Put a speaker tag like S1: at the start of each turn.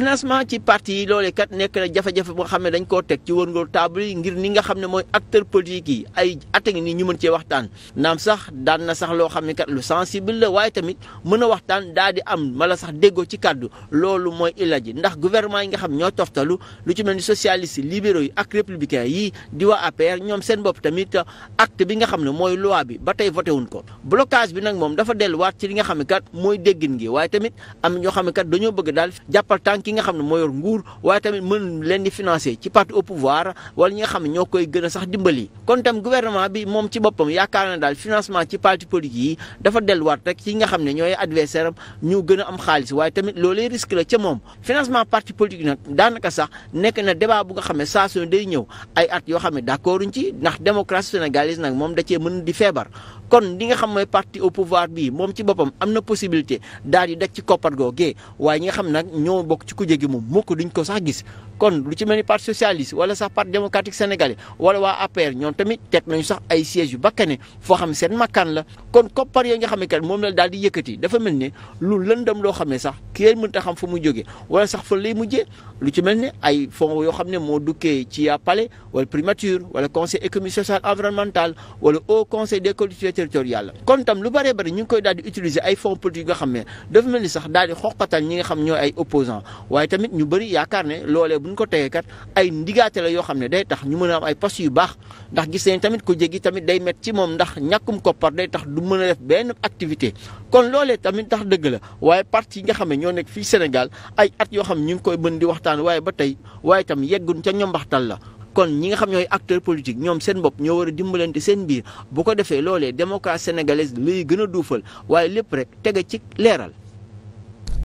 S1: financement ci parti yi loolee kat nekk na jafe-jafe boo xam ne dañ koo teg ci wërngool table yi ngir ni nga xam ne mooy acteur politique yi ay at a ngi nii ñu mën cee waxtaan naam sax daan na sax loo xam ne kat lu sensible la waaye tamit mën a waxtaan daa di am mala sax déggoo ci kàddu loolu mooy illa ji ndax gouvernement yi nga xam ñoo toftalu lu ci mel ni socialiste libéraux yi ak républicain yi di waa APR ñoom seen bopp tamit acte bi nga xam ne mooy loi bi ba tey voté wuñ ko blocage bi nag moom dafa delluwaat ci li nga xam kat mooy déggin gi waaye tamit am ñoo xam dañoo bëgg daal jàppal tànk ki nga xam ne moo yor nguur waaye tamit mën leen di financer ci parti au pouvoir wala ñi xam ne na daal financement ci parti politique yi dafa delluwaat rek ci nga xam ne ñooy adversaire am ñu gën a am xaalis waaye tamit loolee risque la ca moom financement xam ne saa yoo xam ne d'accorduñ ci ndax démocratie sénégalaise moom da cee mën di feebar kon li nga xam mooy parti au bi moom ci boppam am na possibilité daal di daj ci koppar googee waaye ñi nga xam nag ñoo bokk ci kuje gi moom mukk duñ ko sax gis kon lu ci mel ni parti socialiste wala sax parti démocratique sénégalais wala waa xam moom la daal di dafa mel ne lu lëndam loo xam ne sax kii mën ta xam fu muy jógee wala sax fa lay mujjee lu ci mel ne ay fonds yoo xam ne moo dukkee ci ya palais wala primature conseil économique social environnemental wala haut conseil des collectivités territoriales kon tam lu bëree bëri ñu koy daal utiliser ay fonds politiques yoo xam ne dafa mel ni sax daal di xoqatal ñi nga ay opposants waaye tamit ñu bëri yaakaar ne loolee buñ ko tegee kat ay ndigaate la yoo xam ne day tax ñu mën a am ay poste yu baax ndax gis nañ tamit ku jéggi tamit day met ci moom ndax ñàkkum koppar day tax du mën a def benn activité kon loolee tamit tax dëgg la waaye parti yi nga xam ne ñoo nekk fii Sénégal ay at yoo xam ñu ngi koy mën di waxtaan waaye ba tey waaye tam yeggun ca ñoom waxtaan la kon ñi nga xam ñooy acteur politique ñoom seen bopp ñoo war a dimbalante seen biir bu ko loolee démocratie sénégalaise luy gën a duufal waaye lépp rek tege ci leeral